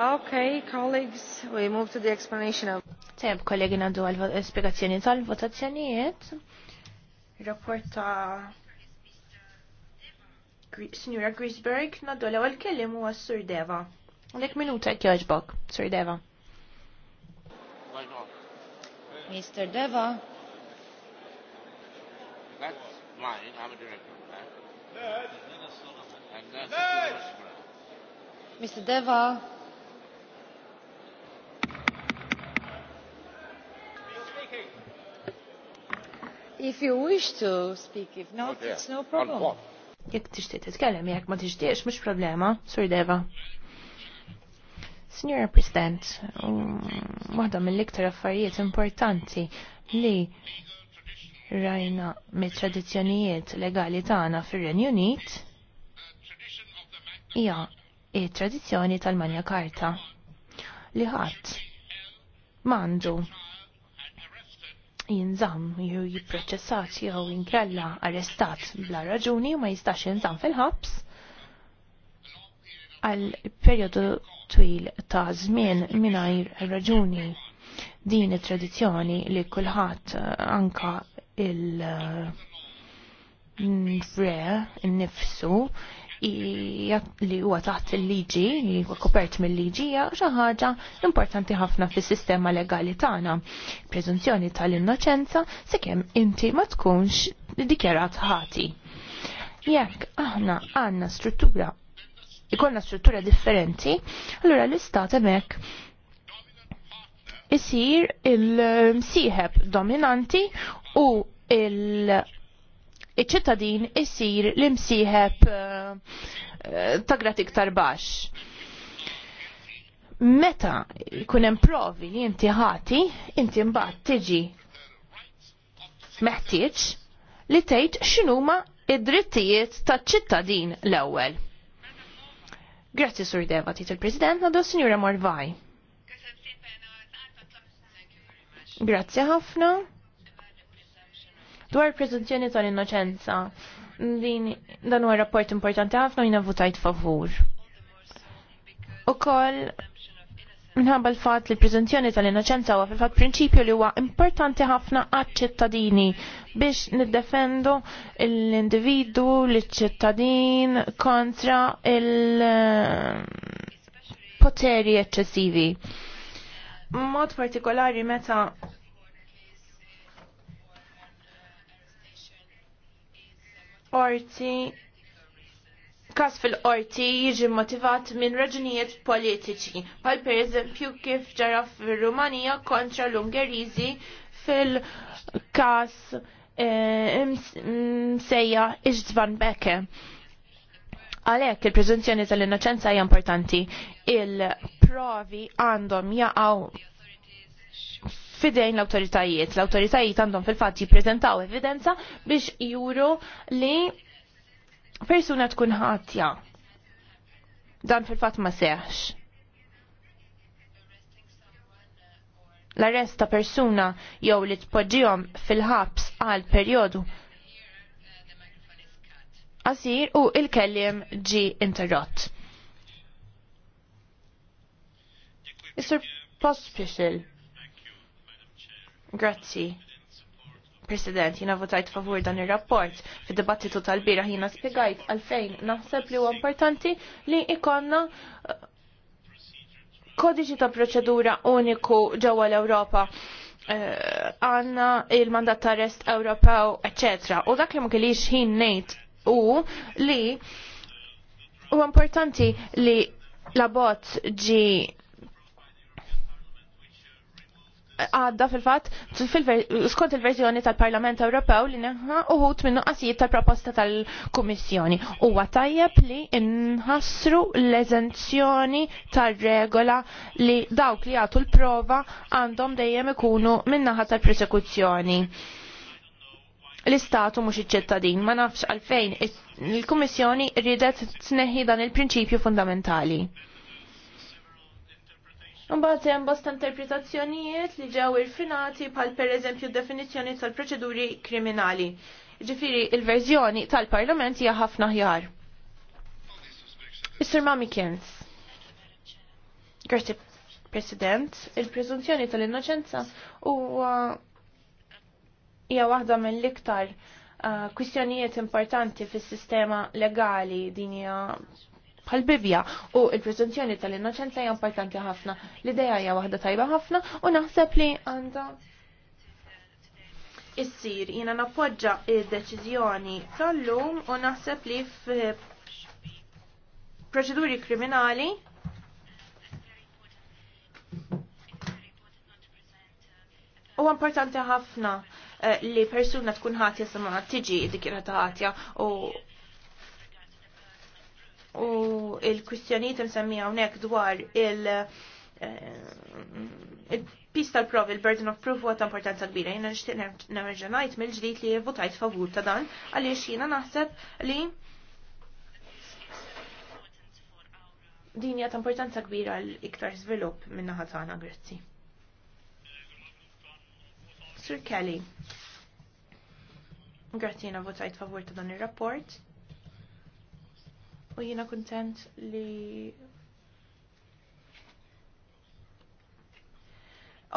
Okay, colleagues, we move to the explanation of... Tajab, kollegi nandu għal-spiegazzjoni tal-votazzjonijiet. Rapport ta' Signora Grisberg, naddu l-ewel kellim u għas-Sur Deva. Unek minuta kjoġbok, Sir Deva. Mr. Deva. That's mine, I'm a director Mr. Deva. If you wish to speak, if not, okay. it's no problem. Jek tixtieq titkellem, jekk ma tixtieqx mhux problema, Sur Deva. Signora President, mm, waħda mill-iktar affarijiet importanti li rajna mit-tradizzjonijiet legali tagħna fir-Renju Unit hija it-tradizzjoni tal-Manja Karta li ħadd m'għandu jinżamm jew jipproċessat jew inkella arrestat bla raġuni ma jistax jinżamm fil-ħabs għal perjodu twil ta' żmien mingħajr raġuni din it-tradizzjoni li kulħadd eh, anka il-re, mm, innifsu. nifsu li huwa taħt il-liġi, li huwa kopert mill-liġi, xi ħaġa importanti ħafna fis-sistema legali tagħna. Preżunzjoni tal-innoċenza sekemm inti ma tkunx dikjarat ħati. Jekk aħna għandna struttura ikollna struttura differenti, allura l-istat hemmhekk isir il-msieħeb dominanti u il- iċ-ċittadin isir l-imsieħeb eh, ta' grat iktar baxx. Meta jkun hemm provi li inti ħati, inti mbagħad tiġi meħtieġ li tgħid x'inhuma id-drittijiet taċ-ċittadin l-ewwel. Grazzi Sur Deva, tit il-President, nadu Sinjura Morvaj. Grazzi ħafna. Dwar prezenzjoni tal-innoċenza, din dan huwa rapport importanti ħafna jina votajt favur. U koll minħabba l-fat li l-prezenzjoni tal-innoċenza huwa fil-fat prinċipju li huwa importanti ħafna għad-ċittadini biex niddefendu l-individu, l-ċittadin kontra il-poteri eccessivi. Mod partikolari meta orti kas fil-qorti jiġi motivat minn raġunijiet politiċi, bħal per eżempju kif ġara fil-Rumanija kontra l-Ungerizi fil-kas eh, msejja iġdvan beke. Għalek il-prezunzjoni tal-innoċenza hija importanti. Il-provi għandhom jaqgħu fidejn l-autoritajiet. L-autoritajiet għandhom fil-fatt jippreżentaw evidenza biex juru li persuna tkun ħatja. Dan fil-fatt ma seħx. L-arrest ta' persuna jew li tpoġġihom fil-ħabs għal perjodu qasir u il-kellim ġi interrott. Is-Sur Special. Grazzi. President, jina votajt favur dan il-rapport. Fi dibattitu tal-bira jina spiegajt għalfejn naħseb li huwa importanti li ikonna eh, kodiċi ta' proċedura uniku ġewwa l-Ewropa eh, għanna il-mandat ta' arrest Ewropew, etc. U dak li ma kellix ħin ngħid u li u importanti li la bot ġi għadda fil-fat skont il-verżjoni tal-Parlament Ewropew li nħa uħut minnu nuqqasijiet tal-proposta tal-Kummissjoni. Huwa tajjeb li nħassru l-eżenzjoni tal-regola li dawk li għatu l-prova għandhom dejjem ikunu minnaħa tal prosekuzzjoni l-istatu mhux iċ-ċittadin, ma nafx għalfejn il-Kummissjoni ridet tneħħi dan il-prinċipju fundamentali. Mbagħad hemm bosta interpretazzjonijiet li ġew irfinati bħal pereżempju definizzjoni tal-proċeduri kriminali. Ġifiri, il-verżjoni tal-Parlament hija ħafna ħjar. Mr. Mami Mamikens. Grazie, President. il prezunzjoni tal-innoċenza huwa hija waħda mill-iktar ah, kwistjonijiet importanti fis-sistema legali din hija bħal bibja u il prezenzjoni tal-innoċenza hija importanti ħafna. L-idea hija waħda tajba ħafna u naħseb li għandha issir jiena nappoġġa id-deċiżjoni tal-lum u naħseb li f'proċeduri kriminali U importanti ħafna eh, li persuna tkun ħatja sama tiġi dikjera ta' ħatja u u il-kwistjonijiet nsemmija hawnhekk dwar il- eh, pista l-prov, il-burden of proof huwa ta' importanza kbira. Jiena nixtieq nerġa' ngħid mill-ġdid li votajt favur ta' dan għaliex jena naħseb li din hija ta' importanza kbira l iktar svilup minna naħa tagħna grazzi. Sir Kelly. Grazzi jena votajt favur ta' dan ir-rapport u jiena kuntent li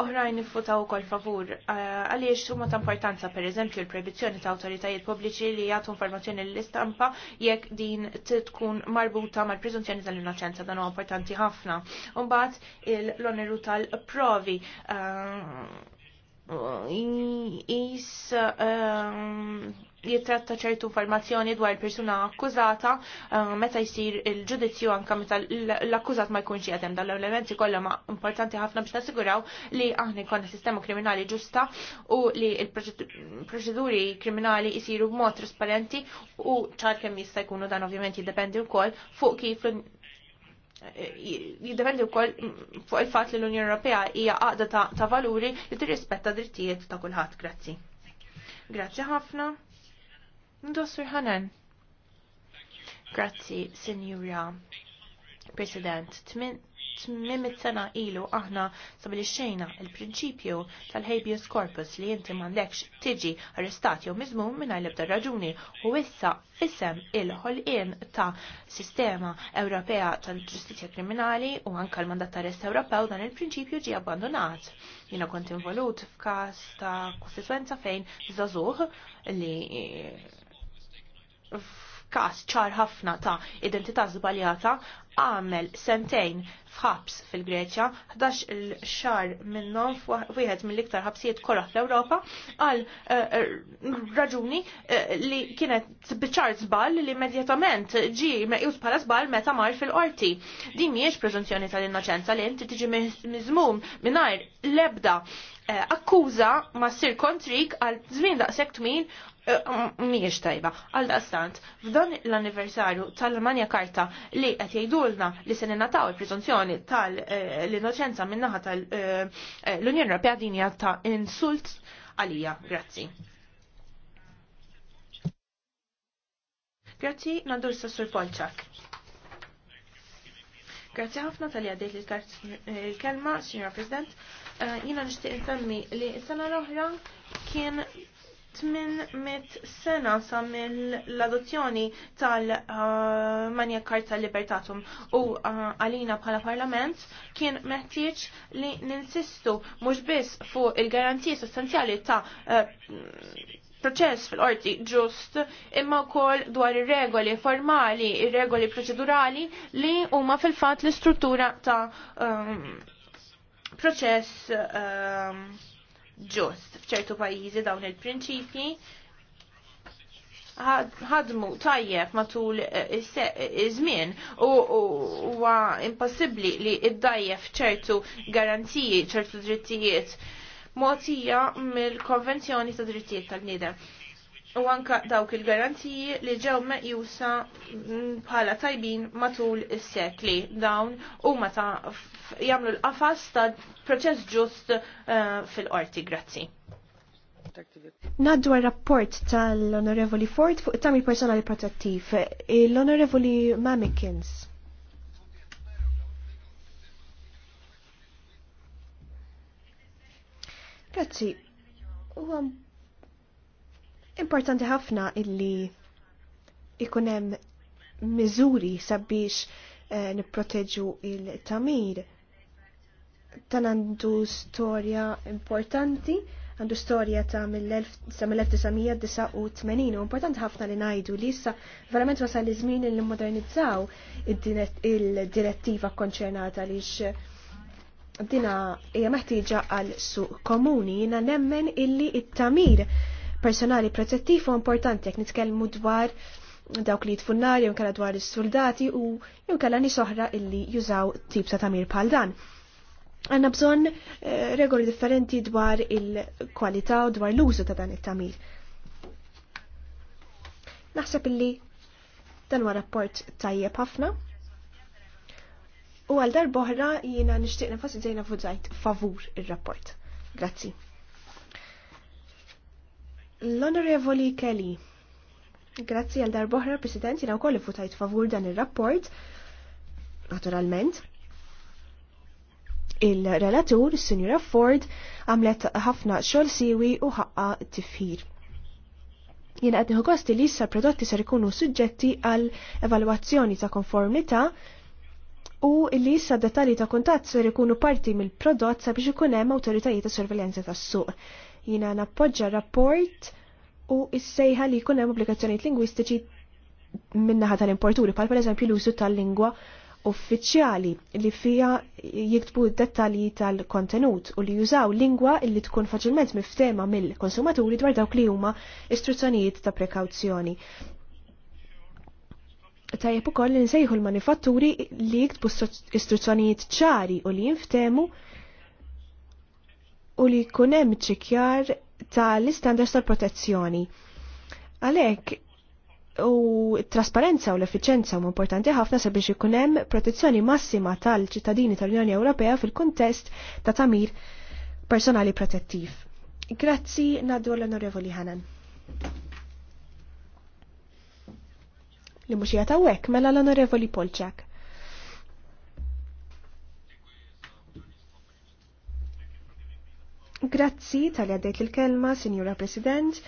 Oħrajn nifutaw kol favur, eh, għaliex huma ta' importanza per eżempju l-proibizzjoni ta' autoritajiet pubbliċi li jagħtu informazzjoni l-istampa jekk din tkun marbuta mal-preżunzjoni tal-innoċenza dan huwa importanti ħafna. Mbagħad l-oneru tal-provi eh, is eh, jitratta ċertu informazzjoni dwar persuna akkużata eh, meta jsir il-ġudizzju anka meta l-akkużat ma jkunx jadem dan l-elementi kollha ma importanti ħafna biex nassiguraw li aħna jkollna sistema kriminali ġusta u li l-proċeduri kriminali jsiru b'mod trasparenti u ċar kemm jista' jkunu dan ovvjament jiddependi wkoll fuq kif jiddependi wkoll fuq il-fatt li l-Unjoni Ewropea hija għaqda ta' valuri li tirrispetta drittijiet ta' kulħadd. Grazzi. Grazzi ħafna. Ndossur Hanan. Grazzi, Sinjura President. Tmimit sena ilu aħna sabili xejna il-prinċipju tal-habeas corpus li jinti mandekx tiġi arrestat jew mizmu minna l-ebda raġuni u issa fissem il-ħolqien ta' sistema Ewropea tal-ġustizja kriminali u anka l-mandat ta' arrest Ewropew dan il-prinċipju ġi abbandonat. Jina kont involut f'kas ta' kostituenza fejn zazuħ li f'każ ċar ħafna ta' identità żbaljata għamel sentejn f'ħabs fil-Greċja, 11 il-xar minnhom wieħed mill-iktar ħabsijiet kolla fl-Ewropa għal eh, eh, raġuni eh, li kienet bċar żball li immedjatament ġi meqjus bħala żball meta mar fil-qorti. Din miex prezunzjoni tal-innoċenza li inti tiġi miżmum mingħajr l-ebda akkuża ma ssir kontrik għal żmien daqshekk twil Eh, miex tajba. Għal daqstant, f'dan l-anniversarju tal-Manja Karta li qed jgħidulna li se nataw il-prezunzjoni tal-innoċenza eh, minnaħa tal-Unjoni eh, Ewropea din ta' insult għalija. Grazzi. Grazzi, nadur sa' Sur Polċak. Grazzi ħafna tal-li għaddejt il-kelma, Signora President. Jina nishtiq insemmi li s-sena l-oħra kien 800 sena sa mill-adozzjoni l tal-Manja Karta Libertatum u għalina bħala parlament kien meħtieġ li ninsistu mhux biss fuq il garanzija sostanzjali ta' e, proċess fil-qorti ġust imma wkoll dwar ir-regoli formali, ir-regoli proċedurali li huma fil-fatt l-istruttura ta' e, proċess e, ġust f'ċertu pajjiżi dawn il-prinċipji ħadmu tajjeb matul eh, eh, iż-żmien u huwa impossibbli li iddajjef ċertu garanziji, ċertu drittijiet mogħtija mill-Konvenzjoni ta' Drittijiet tal-Niedem u anka dawk il-garanziji li ġew meqjusa bħala tajbin matul is-sekli dawn u meta jagħmlu l-qafas ta' proċess ġust eh, fil-qorti. Grazzi. Naddu rapport tal-Onorevoli Ford fuq it-tamil personali protettiv. L-Onorevoli Mamikins. Grazzi. U Importanti ħafna illi ikunem miżuri sabiex niproteġu eh, nipproteġu il-tamir. Tan għandu storja importanti, għandu storja ta' mill-1989, u importanti ħafna li najdu li issa verament wasal iż-żmien li modernizzaw il-direttiva konċernata li dina hija meħtieġa għal suq komuni, jiena nemmen illi it-tamir it tamir tamir personali protettiv u importanti jekk nitkellmu dwar dawk li jitfunnar jew kalla dwar is-soldati u jew kalla nies oħra illi jużaw tip ta' tamir bħal dan. Għanna bżonn eh, regoli differenti dwar il-kwalità u dwar l-użu ta' dan it-tamir. Naħseb illi dan huwa rapport tajjeb ħafna. U għal darboħra jina nishtiq nifassi zejna fuzzajt favur il-rapport. Grazzi. L-Onorevoli Kelly, grazzi għal darboħra President, jina koll votajt favur dan ir-rapport, naturalment. Il-relatur, Sinjura Ford, għamlet ħafna xogħol siwi u ħaqqa tifħir. Jien qed kosti li issa prodotti ser ikunu suġġetti għal evalwazzjoni ta' konformità u li issa dettali ta' kuntatt ser ikunu parti mill-prodott sabiex ikun hemm awtoritajiet ta' sorveljanza tas-suq jina nappoġġa rapport u issejħa li jkun hemm obbligazzjonijiet lingwistiċi minnaħa tal-importuri, pal pereżempju l-użu tal-lingwa uffiċjali li fija jiktbu d-dettalji tal-kontenut u li jużaw lingwa illi tkun faċilment miftema mill-konsumaturi dwar dawk li huma istruzzjonijiet ta' prekawzjoni. Tajjeb ukoll li nsejħu l-manifatturi li jiktbu istruzzjonijiet ċari u li jinftemu u li jkun hemm ta' tal-istandards tal-protezzjoni. Għalhekk u trasparenza u l-effiċenza huma importanti ħafna sabiex ikun hemm protezzjoni massima tal-ċittadini tal-Unjoni Ewropea fil-kuntest ta' tamir personali protettiv. Grazzi ngħaddu l-Onorevoli Hanan. Li mhux jagħtawek mela l-Onorevoli Polċak. Grazzi tal għaddejt il-kelma, Sinjura President.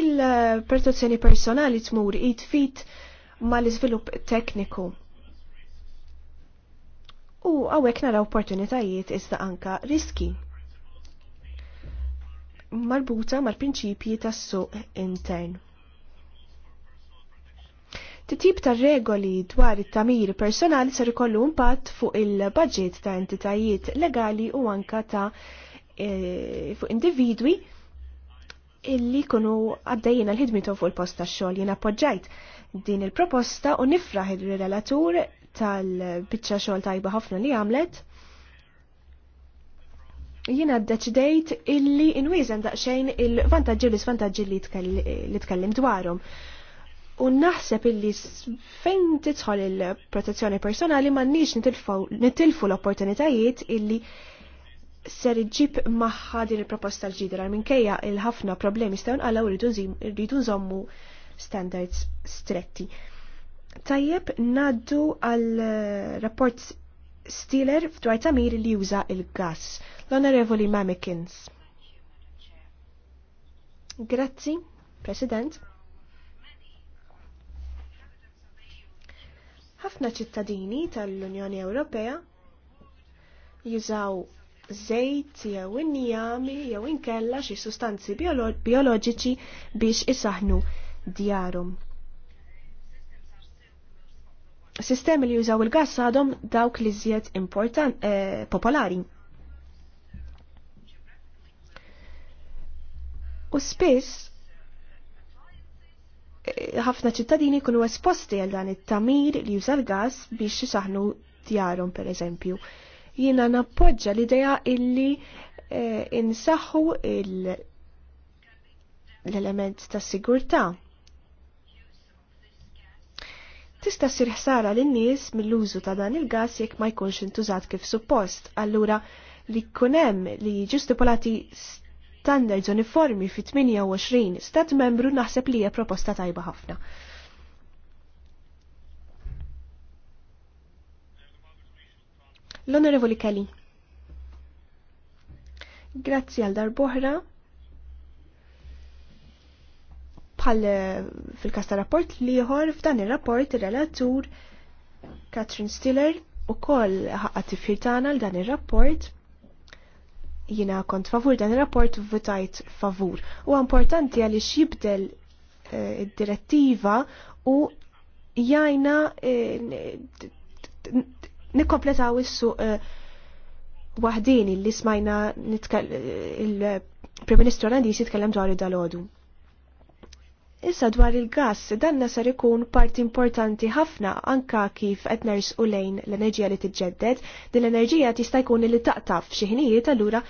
Il-protezzjoni personali tmur jitfit fit mal izvilup tekniku u għawek nara opportunitajiet iżda anka riski. Marbuta mal-prinċipji tas-suq intern. Titjib ta' regoli dwar it-tamir personali ser ikollu impatt fuq il-budget ta' entitajiet legali u anka ta' e, fuq individwi illi kunu għaddejjen l-ħidmitu fuq il-post ta' xogħol jien appoġġajt din il-proposta u nifraħ il-relatur tal-bicċa xogħol tajba ħafna li għamlet jina d-deċidejt illi inwizen daqxejn il-vantagġi u l-svantagġi li tkellim dwarhom. U naħseb illi fejn titħol il-protezzjoni personali m'għandniex nitilfu l-opportunitajiet illi ser iġib maħħa din il-proposta l-ġidra minkejja il-ħafna problemi stawn għalla u rridu nżommu standards stretti. Tajjeb naddu għal eh, rapport Stiller f'dwar tamir li juża il-gas. L-Onorevoli Mamikins. Grazzi, President. Ħafna ċittadini tal-Unjoni Ewropea jużaw żejt jew injami jew inkella xi sustanzi bioloġiċi biex isaħnu djarhom. Sistemi li jużaw il-gass għadhom dawk li żjed important eh, popolari. U spiss ħafna ċittadini kunu esposti għal dan it-tamir li juża l-gas biex jisaħnu djarhom per eżempju. Jiena nappoġġa l-idea illi eh, insaħħu l-element ta' sigurtà. Tista' ssir ħsara lin-nies mill-użu ta' dan il-gas jekk ma jkunx intużat kif suppost. Allura li jkun hemm li ġustipolati standards uniformi fi 28 stat membru naħseb li hija proposta tajba ħafna. L-Onorevoli Kelly. Grazzi għal darboħra. Bħal eh, fil kasta ta' rapport liħor f'dan ir-rapport ir-relatur Katrin Stiller u koll ħaqqa tifħir tagħna l dan ir-rapport jina kont favur dan il-rapport votajt favur. U importanti għalli xibdel direttiva u jajna e, għissu wahdini li smajna il-Prim-Ministru Olandis jitkellem dwar id-dalodu. Issa dwar il-gas, danna nasar ikun parti importanti ħafna anka kif qed nersqu lejn l-enerġija li tiġġedded, din l-enerġija tista' jkun li taqtaf xi ħinijiet allura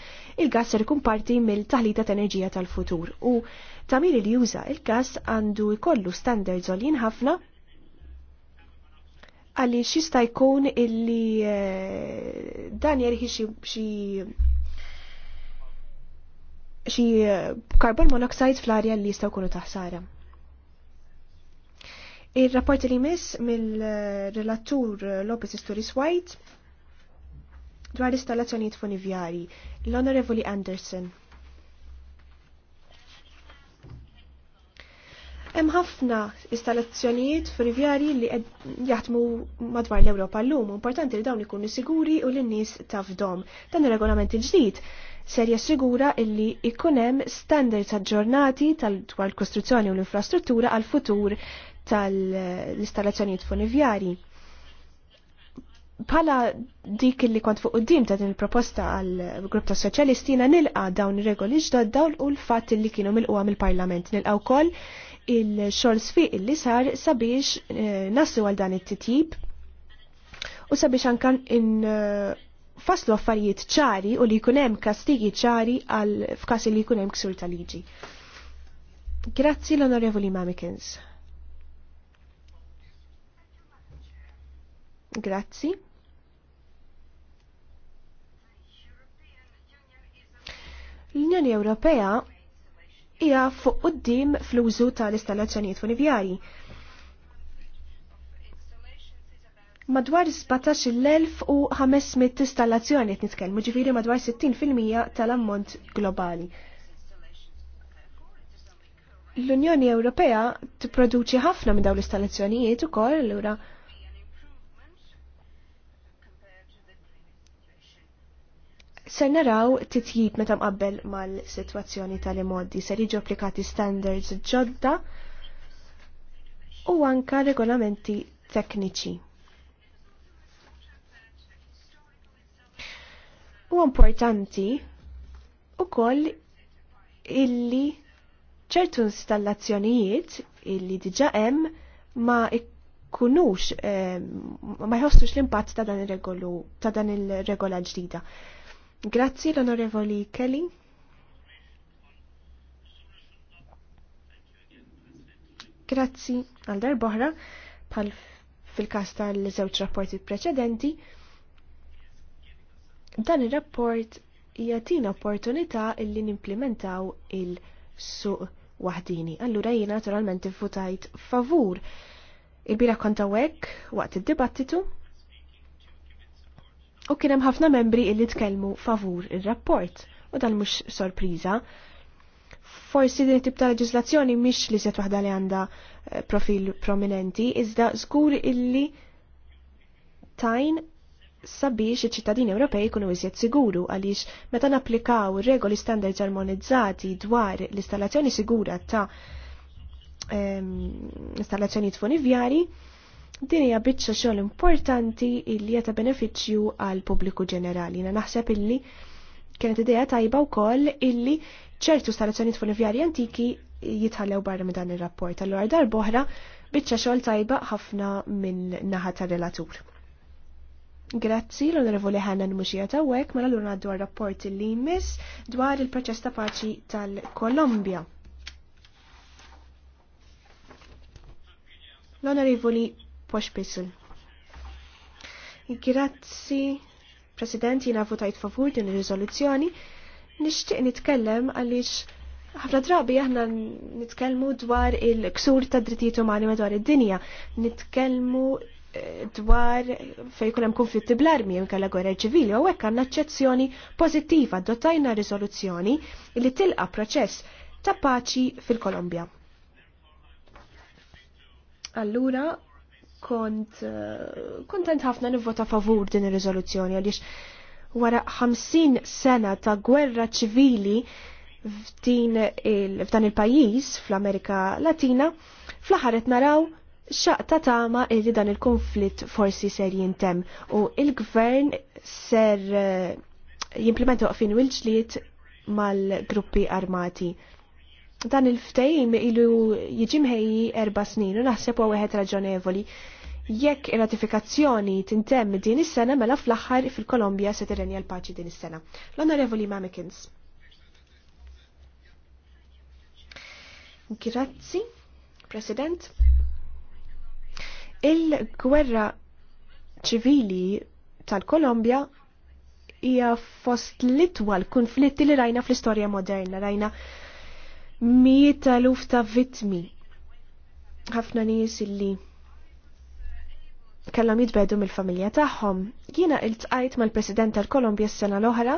il-gas ser ikun parti mill-taħlita ta' enerġija tal-futur. U tamir li juża il-gas għandu jkollu standards għolin ħafna għaliex jista' jkun illi eh, dan jirħi xi xi eh, carbon monoxide fl-arja li jistaw jkunu taħsara. Il-rapport li mis mill-relatur Lopez Isturis White dwar installazzjonijiet funivjari, l-Onorevoli Anderson. Hemm ħafna installazzjonijiet funivjari li jaħdmu madwar l-Ewropa llum, importanti li dawn ikunu siguri u lin-nies tafdom. Dan ir-regolament il-ġdid ser jassigura illi jkun hemm standards aġġornati tal dwar l-kostruzzjoni u l-infrastruttura għal futur tal-installazzjonijiet funivjari. Pala dik li kont fuq uddim ta' din il-proposta għal grupp ta' soċjalistina nilqa' dawn ir-regoli ġdodda u l-fatt li kienu milquha mill-Parlament. Nilqa' wkoll il-xogħol sfiq li sar sabiex eh, nasu għal dan it-titjib u sabiex ankan in eh, faslu affarijiet ċari u li kunem kastigi ċari għal f'kas li kunem ksur tal-liġi. Grazzi l-Onorevoli Mamikins. Grazzi. L-Unjoni Ewropea hija fuq qudiem fl-użu tal-installazzjonijiet funivjarji. Madwar 17,500 installazzjoni qed nitkellmu, ġifieri madwar 60% tal-ammont globali. L-Unjoni Ewropea tipproduċi ħafna minn dawn l-installazzjonijiet ukoll allura ser naraw titjib meta mqabbel mal-sitwazzjoni tal-imoddi, ser jiġu applikati standards ġodda u anka regolamenti tekniċi. U importanti u koll illi ċertu installazzjonijiet illi diġa hemm ma ikkunux eh, ma jħossux l-impatt ta' dan ir-regola ġdida. Grazzi Lonorevoli Kelly. Grazzi għal darboħra pal fil kasta tal-żewġ rapporti preċedenti. Dan ir-rapport jatina opportunità illi nimplementaw il-suq waħdini. Allura jien naturalment votajt favur. Il-bira konta waqt id-dibattitu U kienem ħafna membri illi tkellmu favur il-rapport, u dan mux sorpriza. Forsi din tip ta' leġislazzjoni mhix li set waħda li għandha eh, profil prominenti, iżda żgur illi tajn sabiex iċ-ċittadini Ewropej kunu iżjed siguru għaliex meta napplikaw regoli standards armonizzati dwar l-installazzjoni sigura ta' ehm, installazzjoni tfunivjari, Din hija biċċa xogħol importanti li hija ta' benefiċċju għal pubbliku ġenerali. Na naħseb illi kienet idea tajba wkoll illi ċertu starazzjonijiet funivjarji antiki jitħallew barra minn dan ir-rapport. Allura darboħra biċċa xogħol tajba ħafna minn naħa tar-relatur. Grazzi l-Onorevoli Hannan Muxija Wek, ma mela l għaddu rapport li jmiss dwar il-proċess ta' paċi tal-Kolombja. L-Onorevoli Poxpisil. Grazzi, President, jina votajt favur din il-rizoluzzjoni. Nishtiq nitkellem għalix ħafna drabi aħna nitkellmu dwar il-ksur ta' drittijiet umani madwar id-dinja. Nitkellmu eh, dwar fej kunem konflitti bl-armi jew kalla gwerra ċivili u hekk għandna ċezzjoni pożittiva dotajna riżoluzzjoni li tilqa' proċess ta' paċi fil-Kolombja. Allura kont eh, kontent ħafna nivvota favur din ir-riżoluzzjoni għaliex wara 50 sena ta' gwerra ċivili f'din il, f'dan il-pajjiż fl-Amerika Latina fl-aħħar qed naraw xaqta tama illi dan il-konflitt forsi ser jintem u il-gvern ser eh, jimplementa waqfin il ġliet mal-gruppi armati dan il-ftejim ilu jiġi mħejji erba snin u naħseb u wieħed raġonevoli. Jekk ratifikazzjoni tintemm din is-sena mela fl-aħħar fil-Kolombja se tirenja l-paċi din is-sena. L-Onorevoli Mamikins. Grazzi, President. Il-gwerra ċivili tal-Kolombja hija fost l-itwal konflitti li rajna fl-istorja moderna, rajna mijiet taluf ta' vittmi. Ħafna nies illi kellhom jitbedu mill-familja tagħhom. Jiena iltqajt mal-President tal-Kolombja s-sena l-oħra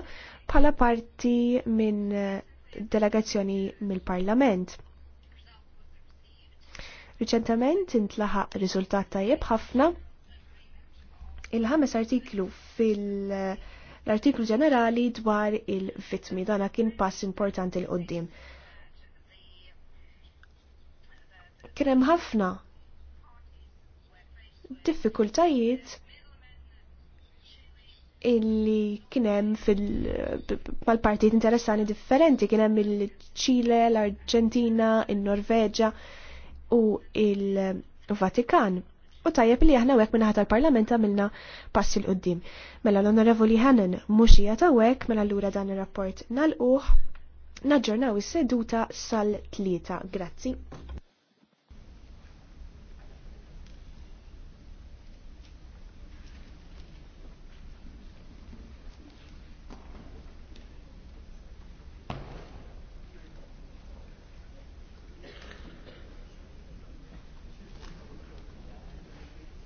bħala parti minn eh, delegazzjoni mill-Parlament. Riċentement intlaħaq riżultat tajjeb ħafna il-ħames artiklu fil- l-artiklu ġenerali dwar il vitmi dana kien pass importanti l-qoddim. Kien hemm ħafna diffikultajiet illi kienem mal-partijiet interessani differenti, kienem il-ċile, l-Arġentina, il-Norveġa u il-Vatikan. U tajjeb li aħna wek minnaħat tal-parlament għamilna passi l-qoddim. Mela l-onorevoli Hannan muxija ta' wek, mela l-ura dan il-rapport nal-uħ, naġġornaw is-seduta sal-tlieta. Grazzi.